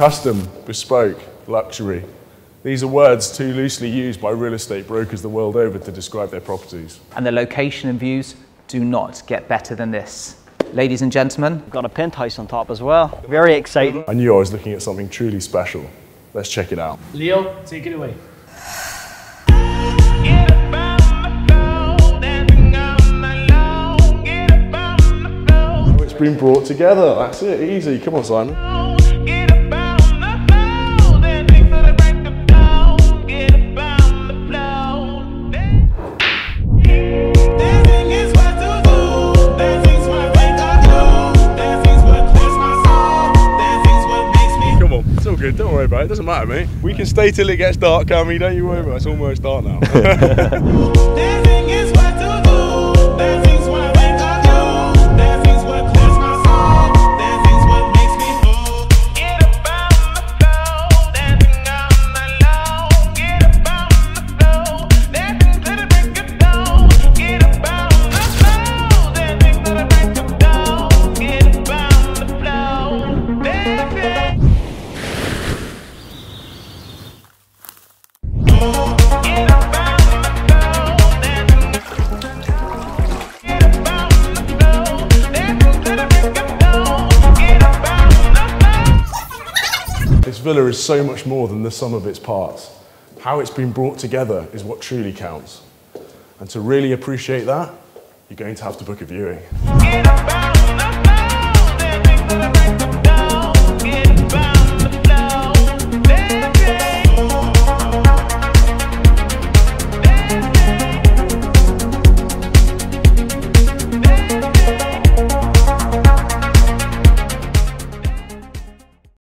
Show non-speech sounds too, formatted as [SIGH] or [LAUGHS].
Custom, bespoke, luxury. These are words too loosely used by real estate brokers the world over to describe their properties. And the location and views do not get better than this. Ladies and gentlemen, we've got a penthouse on top as well. Very exciting. I knew I was looking at something truly special. Let's check it out. Leo, take it away. Oh, it's been brought together. That's it. Easy. Come on, Simon. good. Don't worry about it. it doesn't matter, mate. We can stay till it gets dark, can we? Don't you worry about it. It's almost dark now. [LAUGHS] [LAUGHS] This villa is so much more than the sum of its parts. How it's been brought together is what truly counts. And to really appreciate that, you're going to have to book a viewing.